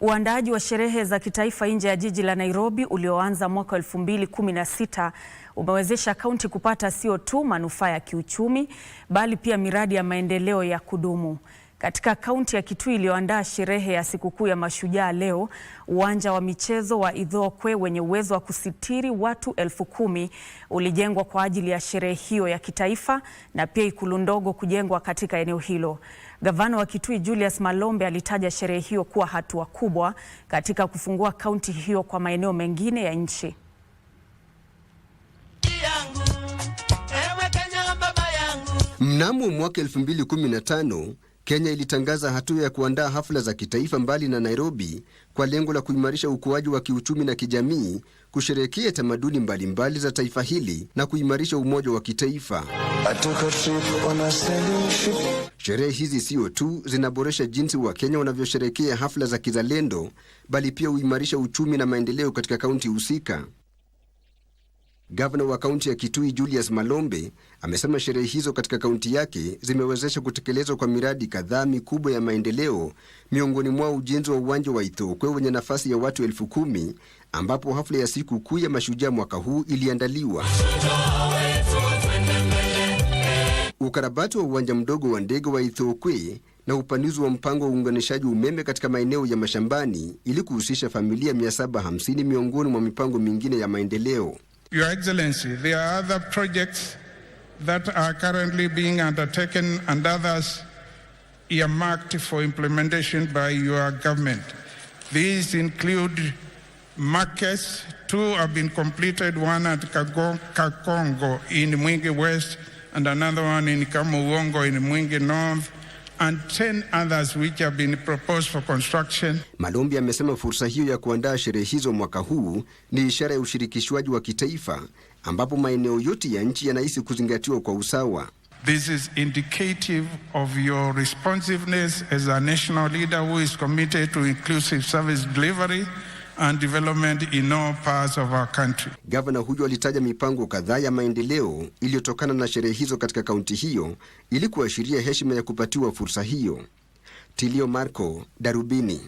Uandaaji wa sherehe za kitaifa nje ya jiji la Nairobi ulioanza mwaka 2016 umewezesha kaunti kupata sio tu manufaa ya kiuchumi bali pia miradi ya maendeleo ya kudumu. Katika kaunti ya Kitui iliyoandaa sherehe ya sikukuu ya Mashujaa leo, uwanja wa michezo wa Ithookwe wenye uwezo wa kusitiri watu elfu kumi ulijengwa kwa ajili ya sherehe hiyo ya kitaifa na pia ikulu ndogo kujengwa katika eneo hilo. Gavana wa Kitui Julius Malombe alitaja sherehe hiyo kuwa hatua kubwa katika kufungua kaunti hiyo kwa maeneo mengine ya nchi. Mnamo mwaka 2015 Kenya ilitangaza hatua ya kuandaa hafla za kitaifa mbali na Nairobi kwa lengo la kuimarisha ukuaji wa kiuchumi na kijamii, kusherehekea tamaduni mbalimbali za taifa hili na kuimarisha umoja wa kitaifa. Sherehe hizi sio tu zinaboresha jinsi Wakenya wanavyosherehekea hafla za kizalendo, bali pia huimarisha uchumi na maendeleo katika kaunti husika. Gavana wa kaunti ya Kitui Julius Malombe amesema sherehe hizo katika kaunti yake zimewezesha kutekelezwa kwa miradi kadhaa mikubwa ya maendeleo, miongoni mwao ujenzi wa uwanja wa Ithookwe wenye nafasi ya watu elfu kumi ambapo hafla ya siku kuu ya mashujaa mwaka huu iliandaliwa. Ukarabati wa uwanja mdogo wa ndege wa Ithookwe na upanuzi wa mpango wa uunganishaji umeme katika maeneo ya mashambani ili kuhusisha familia 750 miongoni mwa mipango mingine ya maendeleo. Your Excellency, there are other projects that are currently being undertaken and others earmarked for implementation by your government. These include markets, two have been completed, one at Kakongo in Mwingi West and another one in Kamuwongo in Mwingi North and 10 others which have been proposed for construction. Malombi amesema fursa hiyo ya kuandaa sherehe hizo mwaka huu ni ishara ya ushirikishwaji wa kitaifa ambapo maeneo yote ya nchi yanahisi kuzingatiwa kwa usawa. This is indicative of your responsiveness as a national leader who is committed to inclusive service delivery and development in all parts of our country. Gavana huyo alitaja mipango kadhaa ya maendeleo iliyotokana na sherehe hizo katika kaunti hiyo ili kuashiria heshima ya kupatiwa fursa hiyo. Tilio Marco, Darubini.